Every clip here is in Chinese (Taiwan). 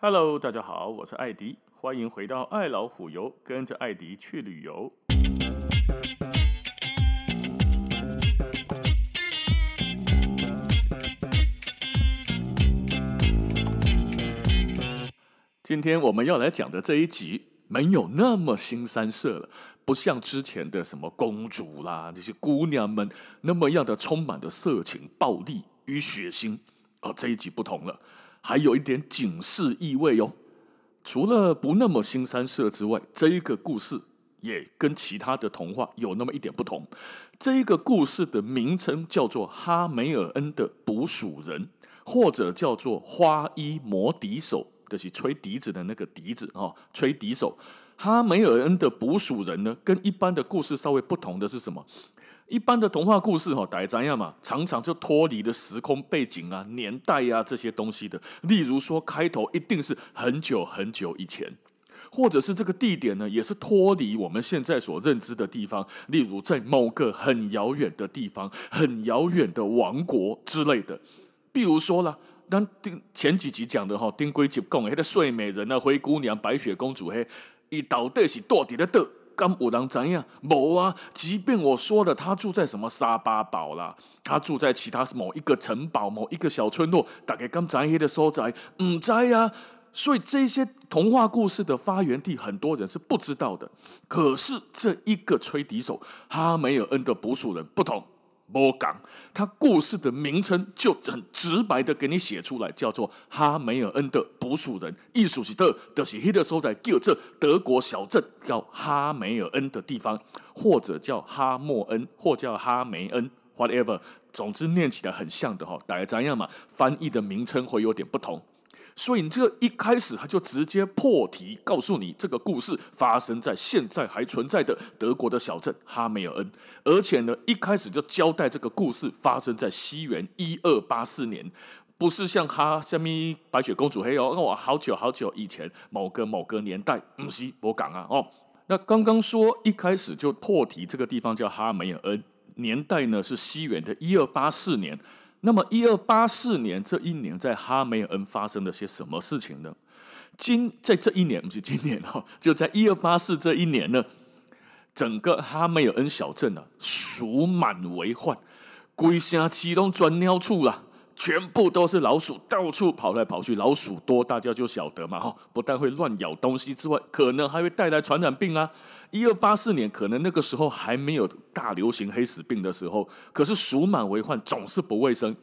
Hello，大家好，我是艾迪，歡迎回到愛老虎遊，跟着艾迪去旅遊。今天我們要來講的這一集，沒有那麼新三色了，不像之前的什麼公主啦，那些姑娘們那麼樣的充滿的色情、暴力與血腥，而、哦、這一集不同了。還有一點警示意味喲、哦，除了不那麼新三色之外，這一個故事也跟其他的童話有那麼一點不同。這一個故事的名稱叫做《哈梅爾恩的捕鼠人》，或者叫做花衣魔笛手，就是吹笛子的那個笛子啊，吹笛手。哈梅爾恩的捕鼠人呢，跟一般的故事稍微不同的是什麼？一般的童話故事哈，大家知道嘛？常常就脫離了時空背景啊、年代呀、啊、這些東西的。例如說，開頭一定是很久很久以前，或者是這個地點呢，也是脫離我們現在所認知的地方。例如，在某個很遙遠的地方、很遙遠的王國之類的。比如說啦，當前幾集講的哈，丁龜吉共黑的睡美人啊、灰姑娘、白雪公主嘿、那個，一到底是到底的。到？敢有人知影？冇啊！即便我說了，他住在什麼沙巴堡啦，他住在其他某一個城堡、某一個小村落，大概剛在耶的所在，唔知啊，所以這些童話故事的發源地，很多人是不知道的。可是這一個吹笛手哈梅爾恩的捕鼠人不同。不同，他故事的名稱就很直白的給你寫出來，叫做《哈梅爾恩的捕鼠人》是。一舒是特就是候在叫這德國小鎮叫哈梅爾恩的地方，或者叫哈默恩，或者叫哈梅恩，whatever，總之念起來很像的哈。大家一樣嘛，翻譯的名稱會有點不同。所以你這個一開始他就直接破題告訴你，這個故事發生在現在還存在的德國的小鎮哈梅爾恩，而且呢一開始就交代這個故事發生在西元一二八四年，不是像哈像咪白雪公主黑、哦，嘿、哦、喲，那我好久好久以前某個某個年代，唔系，博講啊哦，那剛剛說一開始就破題，這個地方叫哈梅爾恩，年代呢是西元的一二八四年。那麼，一二八四年這一年，在哈梅爾恩發生了些什麼事情呢？今在這一年，不是今年哦，就在一二八四這一年呢，整個哈梅爾恩小鎮啊，鼠滿為患，龜蝦啟動轉尿處了，啊。全部都是老鼠，到處跑來跑去。老鼠多，大家就曉得嘛哈！不但會亂咬東西之外，可能還會帶來傳染病啊。一二八四年，可能那個時候還沒有大流行黑死病的時候，可是鼠滿為患，總是不衛生。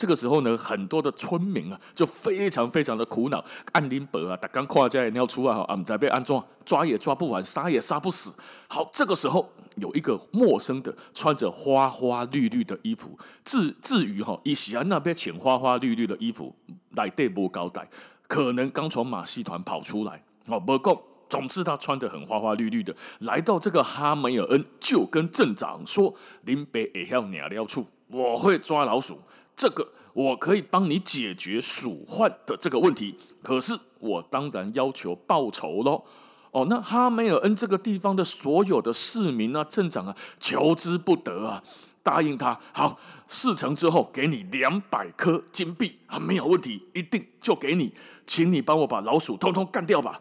這個時候呢，很多的村民啊，就非常非常的苦惱。按林北啊，剛跨家也要出啊，不知道怎麼辦，抓也抓不完，殺也殺不死。好，這個時候有一個陌生的，穿着花花綠綠的衣服，至至於哈、啊，以西安那邊穿花花綠綠的衣服來都沒交代，可能剛從馬戲團跑出來哦。不過，總之他穿得很花花綠綠的，來到這個哈梅爾恩，就跟鎮長說：“林北也要鳥鳥出，我會抓老鼠。”這個我可以幫你解決鼠患的這個問題，可是我當然要求報酬嘍。哦，那哈梅爾恩這個地方的所有的市民啊、鎮長啊，求之不得啊！答應他，好，事成之後給你兩百顆金幣啊，沒有問題，一定就給你，請你幫我把老鼠通通幹掉吧。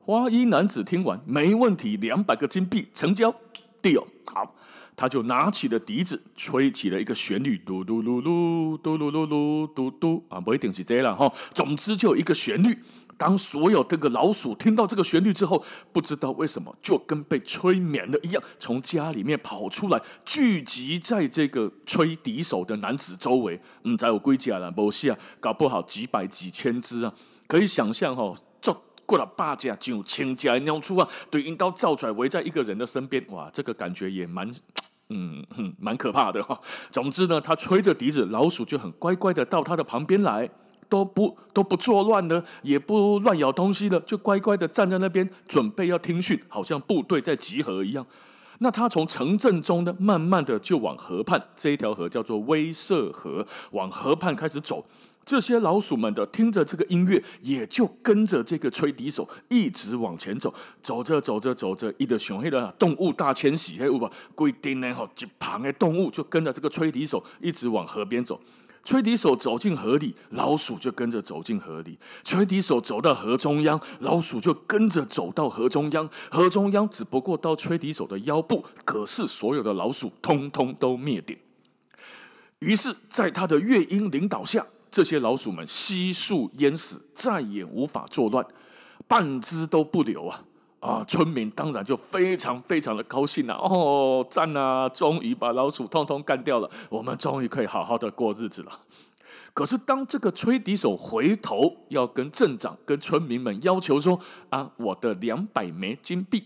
花衣男子聽完，沒問題，兩百個金幣，成交，對哦，好。他就拿起了笛子，吹起了一個旋律，嘟嘟嚕嚕，嘟嚕嚕嚕，嘟嘟啊，不一定是這樣。哈、哦。總之就一個旋律。當所有這個老鼠聽到這個旋律之後，不知道為什麼就跟被催眠了一樣，從家裡面跑出來，聚集在這個吹笛手的男子周圍。唔，知有龜甲冇事啊，搞不好幾百幾千只啊，可以想象哈、哦，造過了八家，進入千家，鳥出啊，對，陰刀照出來，圍在一個人的身邊，哇，這個感覺也蠻。嗯哼，蠻可怕的哈。總之呢，他吹着笛子，老鼠就很乖乖的到他的旁邊來，都不都不作亂的，也不亂咬東西的，就乖乖的站在那邊準備要聽訓，好像部隊在集合一樣。那他從城鎮中呢，慢慢的就往河畔，這一條河叫做威瑟河，往河畔開始走。這些老鼠們的聽着這個音樂，也就跟着這個吹笛手一直往前走。走着走着走着，一的熊，黑的、那個、動物大遷徙，嘿不規定呢，好幾旁的，的動物就跟着這個吹笛手一直往河邊走。吹笛手走進河裡，老鼠就跟着走進河裡。吹笛手走到河中央，老鼠就跟着走到河中央。河中央只不過到吹笛手的腰部，可是所有的老鼠通通都滅頂。於是，在他的樂音領導下，這些老鼠們悉數淹死，再也無法作亂，半隻都不留啊！啊！村民當然就非常非常的高興了、啊。哦，讚啊！終於把老鼠通通幹掉了，我們終於可以好好的過日子了。可是，當這個吹笛手回頭要跟鎮長、跟村民們要求說：“啊，我的兩百枚金幣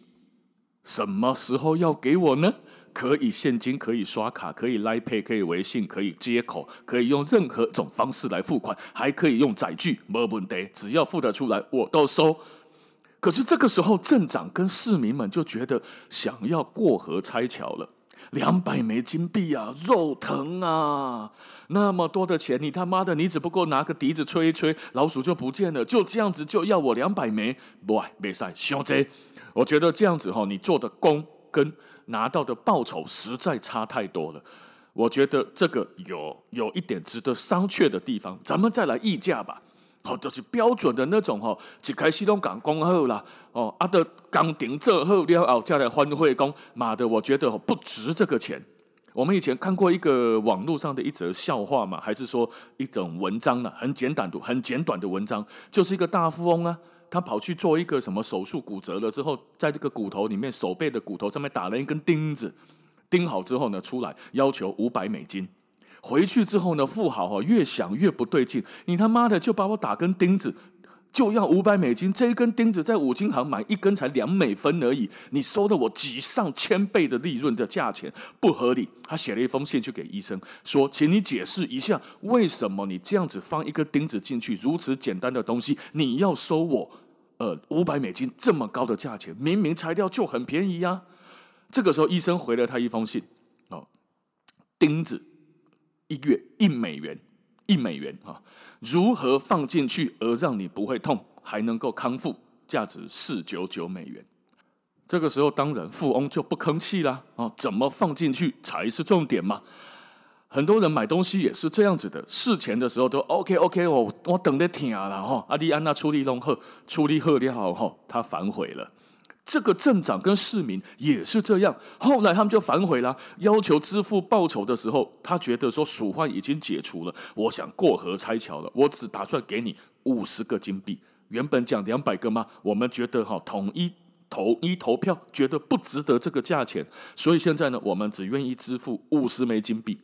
什麼時候要給我呢？可以現金，可以刷卡，可以 Line Pay，可以微信，可以接口，可以用任何種方式來付款，還可以用載具，沒問題，只要付得出來，我都收。”可是這個時候，鎮長跟市民們就覺得想要過河拆橋了。兩百枚金幣啊，肉疼啊！那麼多的錢，你他媽的，你只不過拿個笛子吹一吹，老鼠就不見了。就這樣子就要我兩百枚，不，沒事，太貴。我覺得這樣子哈，你做的功跟拿到的報酬實在差太多了。我覺得這個有有一點值得商榷的地方，咱們再來議價吧。好、哦、就是標準的那種哦，一開始攏港講後啦哦，啊到工程做好了後再來換會講，媽的，我覺得不值這個錢。我們以前看過一個網絡上的一則笑話嘛，還是說一種文章呢、啊？很簡短的，很簡短的文章，就是一個大富翁啊，他跑去做一個什麼手術，骨折了之後，在這個骨頭裡面手背的骨頭上面打了一根釘子，釘好之後呢，出來要求五百美金。回去之後呢，富豪越想越不對勁，你他媽的就把我打根釘子，就要五百美金，這一根釘子在五金行買一根才兩美分而已，你收了我幾上千倍的利潤的價錢不合理。他寫了一封信去給醫生說，請你解釋一下，為什麼你這樣子放一個釘子進去，如此簡單的東西，你要收我呃五百美金這麼高的價錢，明明拆掉就很便宜呀，啊。這個時候，醫生回了他一封信，哦，釘子。一月一美元，一美元啊！如何放進去而讓你不會痛，還能夠康復？價值四九九美元。這個時候，當然富翁就不吭氣了啊！怎麼放進去才是重點嘛？很多人買東西也是這樣子的，事前的時候都 OK OK，我我等得挺啊然後阿麗安娜處理弄喝，處理喝掉後他反悔了。這個鎮長跟市民也是這樣，後來他們就反悔了，要求支付報酬的時候，他覺得說鼠患已經解除了，我想過河拆橋了，我只打算給你五十個金幣，原本講兩百個嘛，我們覺得哈、啊、統一投一投票覺得不值得這個價錢，所以現在呢，我們只願意支付五十枚金幣，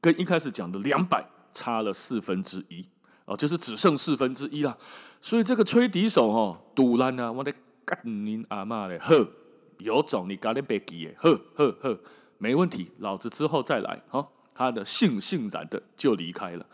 跟一開始講的兩百差了四分之一啊，就是只剩四分之一了，所以這個吹笛手哈、啊，堵爛了、啊，我的。你阿媽嘞，呵，有種你家點白雞耶，呵呵呵，沒問題，老子之後再來，好，他的悻悻然的就離開了。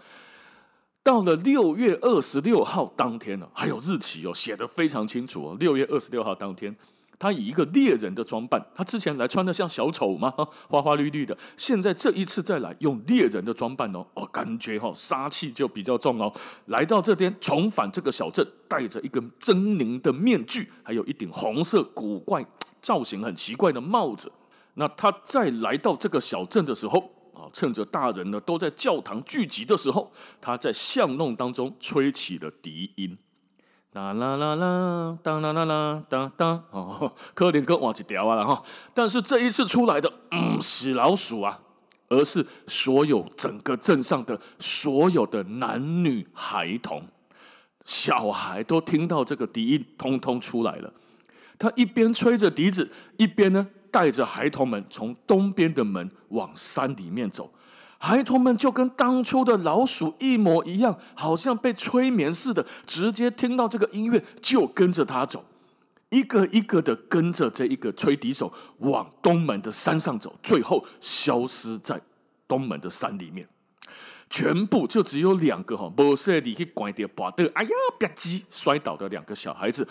到了六月二十六號當天了，還有日期哦，寫得非常清楚哦，六月二十六號當天。他以一個獵人的裝扮，他之前來穿的像小丑嘛，花花綠綠的，現在這一次再來用獵人的裝扮哦，哦，感覺哈、哦、殺氣就比較重哦。來到這邊，重返這個小鎮，戴着一個猙獰的面具，還有一頂紅色古怪造型很奇怪的帽子。那他再來到這個小鎮的時候，啊，趁着大人呢都在教堂聚集的時候，他在巷弄當中吹起了笛音。啦啦啦啦，當啦啦啦，當當哦，可憐哥換一調了哈。但是這一次出來的不、嗯、是老鼠啊，而是所有整個鎮上的所有的男女孩童、小孩都聽到這個笛音，通通出來了。他一邊吹着笛子，一邊呢帶着孩童們從東邊的門往山裡面走。孩童們就跟當初的老鼠一模一樣，好像被催眠似的，直接聽到這個音樂就跟着他走，一個一個的跟着這一個吹笛手往東門的山上走，最後消失在東門的山裡面。全部就只有兩個哈，沒說你去拐點跑的，哎呀，別急，摔倒的兩個小孩子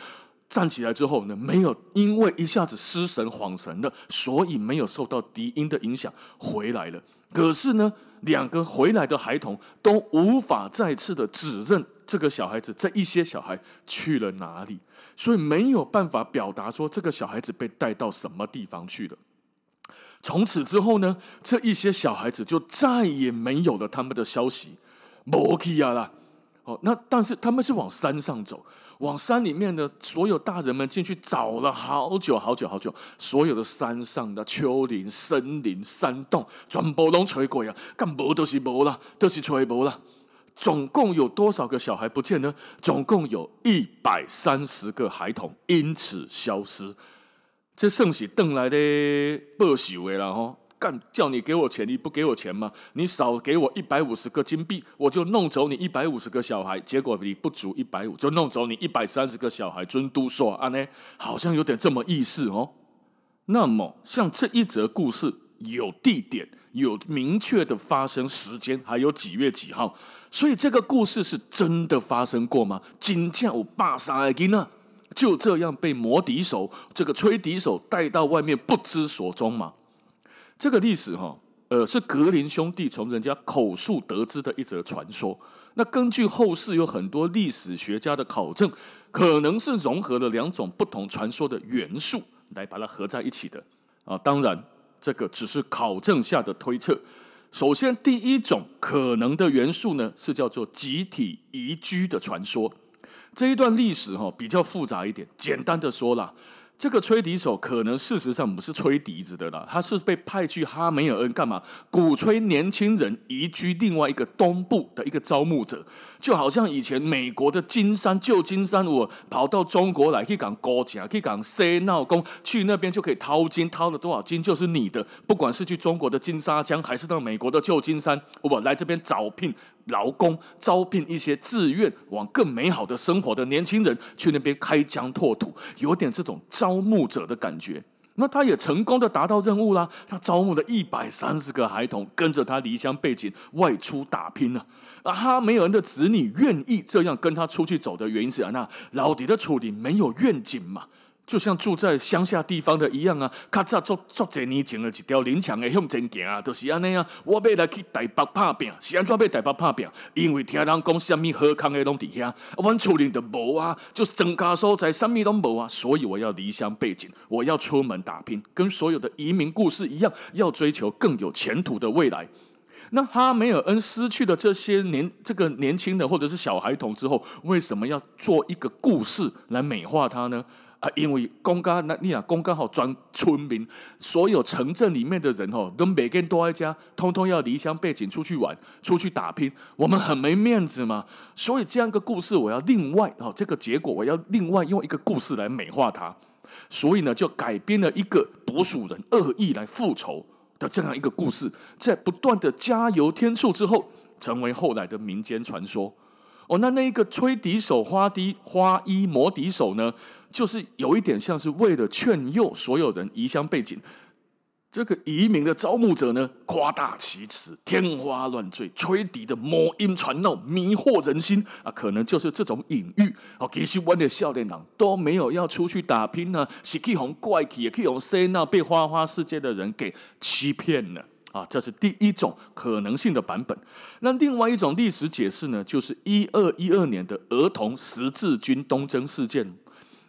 站起來之後呢，沒有因為一下子失神恍神的，所以沒有受到笛音的影響，回來了。可是呢，兩個回來的孩童都無法再次的指認這個小孩子，這一些小孩去了哪裡，所以沒有辦法表達說這個小孩子被帶到什麼地方去了。從此之後呢，這一些小孩子就再也沒有了他們的消息，莫基亞了。哦，那但是他們是往山上走。往山裡面的所有大人們進去找了好久好久好久，所有的山上的丘陵、森林、山洞，全部都吹鬼呀。咁無都是無啦，都、就是吹無啦。總共有多少個小孩不見呢？總共有一百三十個孩童因此消失，這算是等來的報壽為啦吼。幹叫你給我錢，你不給我錢嗎？你少給我一百五十個金幣，我就弄走你一百五十個小孩。結果你不足一百五，就弄走你一百三十個小孩。尊嘟說安、啊、呢，好像有點這麼意思哦。那麼像這一則故事，有地點，有明確的發生時間，還有幾月幾號，所以這個故事是真的發生過嗎？金叫巴薩爾吉娜就這樣被魔笛手這個吹笛手帶到外面，不知所蹤嗎？這個歷史哈，呃，是格林兄弟從人家口述得知的一則傳說。那根據後世有很多歷史學家的考證，可能是融合了兩種不同傳說的元素來把它合在一起的啊。當然，這個只是考證下的推測。首先，第一種可能的元素呢，是叫做集體移居的傳說。這一段歷史哈比較複雜一點，簡單的說啦。這個吹笛手可能事實上不是吹笛子的啦，他是被派去哈梅爾恩幹嘛？鼓吹年輕人移居另外一個東部的一個招募者，就好像以前美國的金山、舊金山，我跑到中國來去港高價，去港塞鬧工，去那邊就可以淘金，淘了多少金就是你的。不管是去中國的金沙江，還是到美國的舊金山，我來這邊招聘。勞工招聘一些自願往更美好的生活的年輕人去那邊開疆拓土，有點這種招募者的感覺。那他也成功的達到任務了，他招募了一百三十個孩童跟着他離鄉背井外出打拼呢。而哈梅爾的子女願意這樣跟他出去走的原因是啊，那老爹的處理沒有願景嘛。就像住在鄉下地方的一樣啊，卡紮做做儕年前了一條林場誒向前行，都、就是安那樣、啊、我要來去台北打拼，是安怎要台北打拼？因為聽人講啥物好康誒攏佇遐，我厝裡都無啊，就是全家所在啥物都無啊，所以我要離鄉背井，我要出門打拼，跟所有的移民故事一樣，要追求更有前途的未來。那哈梅爾恩失去了這些年，這個年輕的或者是小孩童之後，為什麼要做一個故事來美化他呢？啊，因為公家，那，你講公家好，裝村民，所有城鎮裡面的人哦，都每個人都在家，通通要離鄉背井出去玩，出去打拼，我們很沒面子嘛。所以這樣一個故事，我要另外哦，這個結果我要另外用一個故事來美化它。所以呢，就改編了一個捕鼠人惡意來復仇的這樣一個故事，在不斷的加油添醋之後，成為後來的民間傳說。哦，那那一個吹笛手花笛花衣魔笛手呢？就是有一點像是為了勸誘所有人移鄉背景，這個移民的招募者呢，誇大其詞、天花亂墜、吹笛的魔音傳腦、迷惑人心啊，可能就是這種隱喻。哦、啊，吉西灣的笑臉黨都沒有要出去打拼呢，啊，是氣紅怪奇，也可以用說那被花花世界的人給欺騙了啊，這是第一種可能性的版本。那另外一種歷史解釋呢，就是一二一二年的兒童十字軍東征事件。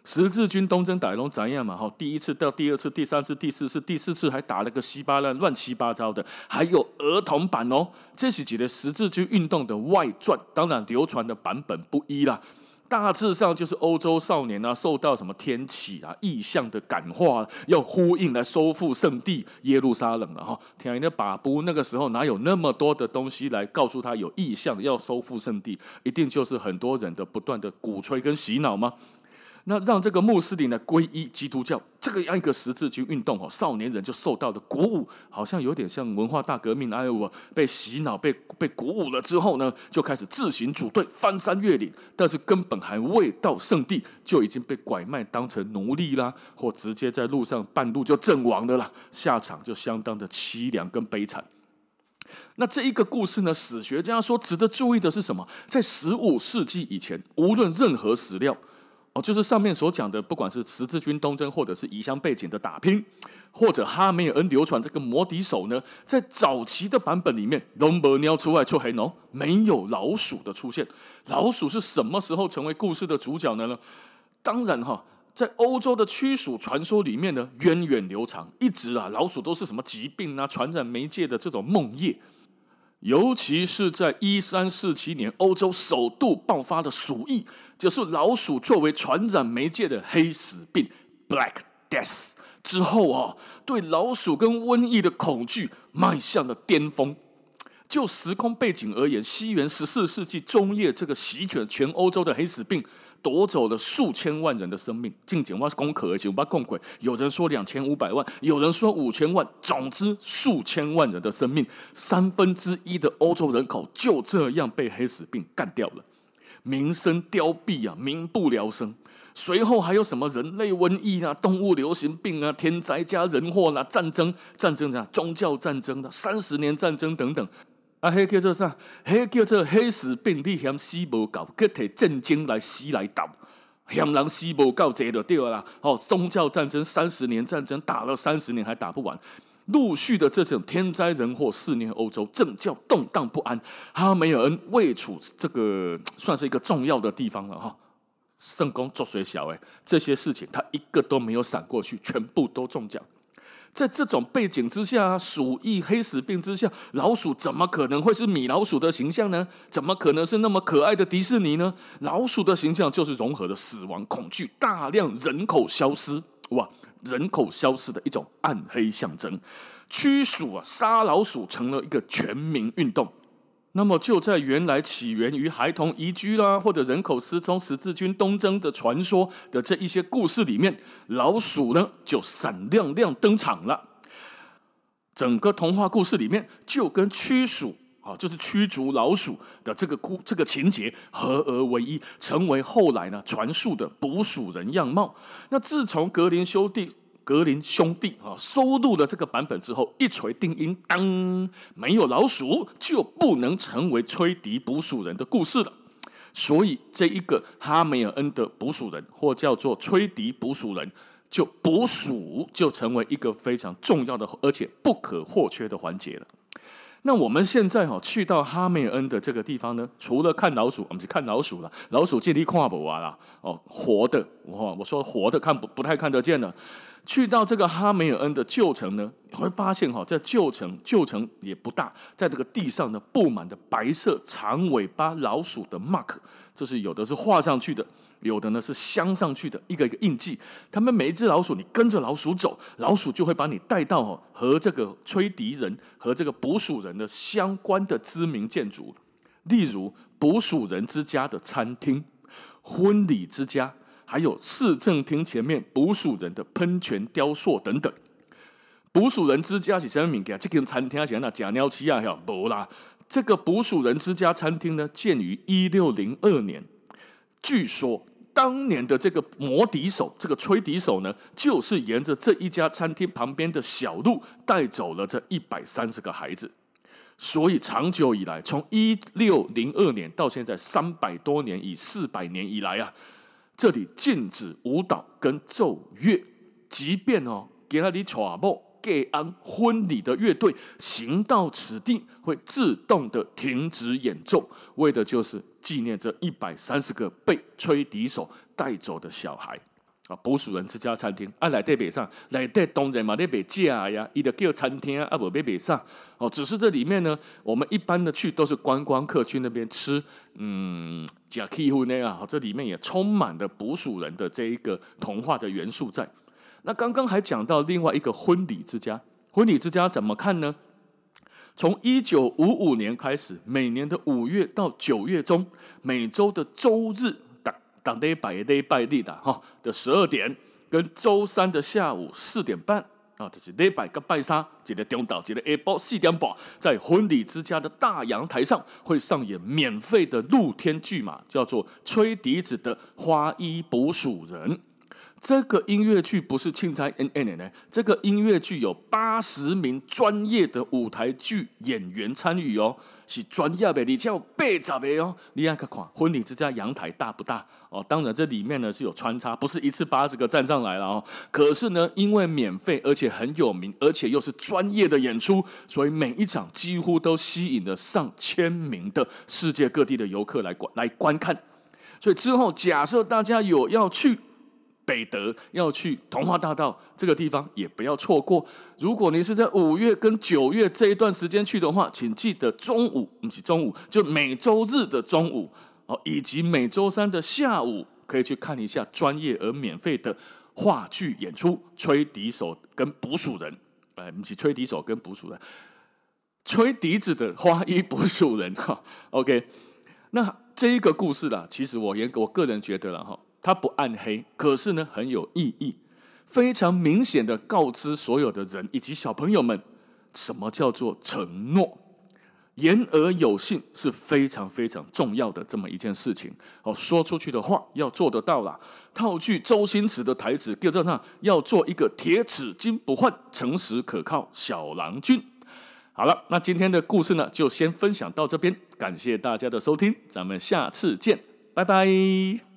十字軍東征打龍怎樣嘛？哈，第一次到第二次、第三次、第四次、第四次還打了個稀巴爛、亂七八糟的。還有兒童版哦，這是幾集的十字軍運動的外傳，當然流傳的版本不一啦。大致上就是歐洲少年啊，受到什麼天啟啊、異象的感化，要呼應來收復聖地耶路撒冷了哈。天啊，你的巴布那個時候哪有那麼多的東西來告訴他有異象要收復聖地？一定就是很多人的不斷的鼓吹跟洗腦嗎？那讓這個穆斯林呢，皈依基督教，這個樣一個十字軍運動哦，少年人就受到的鼓舞，好像有點像文化大革命哎呦，被洗腦、被被鼓舞了之後呢，就開始自行組隊翻山越嶺，但是根本還未到聖地，就已經被拐賣當成奴隸啦，或直接在路上半路就陣亡的啦。下場就相當的淒涼跟悲慘。那這一個故事呢，史學家說，值得注意的是什麼？在十五世紀以前，無論任何史料。哦，就是上面所講的，不管是十字軍東征，或者是異鄉背景的打拼，或者哈梅爾恩流傳這個魔笛手呢，在早期的版本裡面，龍伯鳥出來就黑龍，沒有老鼠的出現。老鼠是什麼時候成為故事的主角呢？呢，當然哈，在歐洲的驅鼠傳說裡面呢，源遠流長，一直啊，老鼠都是什麼疾病啊、傳染媒介的這種夢魘。尤其是在一三四七年歐洲首度爆發的鼠疫，就是老鼠作為傳染媒介的黑死病 （Black Death） 之後啊，對老鼠跟瘟疫的恐懼邁向了巔峰。就時空背景而言，西元十四世紀中葉這個席捲全歐洲的黑死病。奪走了數千萬人的生命，近千萬是公可而死，五萬共鬼。有人說兩千五百萬，有人說五千萬，總之數千萬人的生命，三分之一的歐洲人口就這樣被黑死病幹掉了，民生凋敝啊，民不聊生。隨後還有什麼人類瘟疫啊，動物流行病啊，天災加人禍了、啊，戰爭，戰爭啊，宗教戰爭的、啊，三十年戰爭等等。啊，迄叫做啥？迄叫做黑死病，你嫌死無夠，佮摕聖經來死來鬥，嫌人死無夠濟就對啦。哦，宗教戰爭、三十年戰爭打了三十年還打不完，陸續的這種天災人禍，四年歐洲政教動蕩不安，哈梅爾恩位處，這個算是一個重要的地方了哈。聖公作水小哎，這些事情他一個都沒有閃過去，全部都中獎。在這種背景之下，鼠疫、黑死病之下，老鼠怎麼可能會是米老鼠的形象呢？怎麼可能是那麼可愛的迪士尼呢？老鼠的形象就是融合了死亡、恐懼、大量人口消失。哇，人口消失的一種暗黑象徵。驅鼠啊，殺老鼠成了一個全民運動。那麼就在原來起源於孩童移居啦、啊，或者人口失蹤、十字軍東征的傳說的這一些故事裡面，老鼠呢就閃亮亮登場了。整個童話故事裡面，就跟驅鼠啊，就是驅逐老鼠的這個故這個情節合而為一，成為後來呢傳述的捕鼠人樣貌。那自從格林兄弟。格林兄弟啊，收錄了這個版本之後，一錘定音，當沒有老鼠就不能成為吹笛捕鼠人的故事了。所以，這一個哈梅爾恩的捕鼠人，或叫做吹笛捕鼠人，就捕鼠就成為一個非常重要的，而且不可或缺的環節了。那我們現在去到哈梅爾恩的這個地方呢，除了看老鼠，我、啊、們是看老鼠了，老鼠這裡看不完了哦，活的，我我說活的看不不太看得見了。去到這個哈梅爾恩的舊城呢，你會發現哈、哦，在舊城，舊城也不大，在這個地上呢，布滿的白色長尾巴老鼠的 mark，就是有的是畫上去的，有的呢是鑲上去的一個一個印記。他們每一隻老鼠，你跟着老鼠走，老鼠就會把你帶到、哦、和這個吹笛人和這個捕鼠人的相關的知名建築，例如捕鼠人之家的餐廳、婚禮之家。還有市政廳前面捕鼠人的噴泉雕塑等等。捕鼠人之家是真名，這個餐廳叫那假尼奇亞·哈博拉。這個捕鼠人之家餐廳呢，建於一六零二年。據說當年的這個魔笛手、這個吹笛手呢，就是沿着這一家餐廳旁邊的小路帶走了這一百三十個孩子。所以長久以來，從一六零二年到現在三百多年，以四百年以來啊。這裡禁止舞蹈跟奏樂，即便哦，給那裡揣摸，給安婚禮的樂隊行到此地會自動的停止演奏，為的就是紀念這一百三十個被吹笛手帶走的小孩。捕鼠人之家餐廳啊，裡面賣什麼，裡面當然也在賣吃嘛，台北價呀，伊的叫餐廳啊，不然賣什麼哦，只是這裡面呢，我們一般的去都是觀光客去那邊吃，嗯，假 Ku 那樣啊，這裡面也充滿了捕鼠人的這一個童話的元素在。那剛剛還講到另外一個婚禮之家，婚禮之家怎麼看呢？從一九五五年開始，每年的五月到九月中，每周的周日。當天拜禮拜日的哈，的十二點跟周三的下午四點半啊、哦，就是禮拜個拜三，一個中午，一個 A 包四點半，在婚禮之家的大陽台上會上演免費的露天劇碼，叫做《吹笛子的花衣捕鼠人》。這個音樂劇不是凊彩 N N 呢，這個音樂劇有八十名專業的舞台劇演員參與哦。是專業的，你才有八十個哦。你愛個款婚禮之家陽台大不大哦？當然，這裡面呢是有穿插，不是一次八十個站上來了哦。可是呢，因為免費，而且很有名，而且又是專業的演出，所以每一場幾乎都吸引了上千名的世界各地的遊客來觀來觀看。所以之後，假設大家有要去。北德要去童話大道這個地方也不要錯過。如果你是在五月跟九月這一段時間去的話，請記得中午，不是中午，就每周日的中午哦，以及每周三的下午，可以去看一下專業而免費的話劇演出《吹笛手》跟《捕鼠人》。哎，不是《吹笛手》跟《捕鼠人》，吹笛子的花衣捕鼠人哈。OK，那這一個故事啦，其實我也我個人覺得啦哈。它不暗黑，可是呢，很有意義，非常明顯的告知所有的人以及小朋友們，什麼叫做承諾，言而有信是非常非常重要的這麼一件事情。哦，說出去的話要做得到啦。套句周星馳的台詞，原則上要做一個鐵齒金不換，誠實可靠小郎君。好了，那今天的故事呢就先分享到這邊，感謝大家的收聽，咱們下次見，拜拜。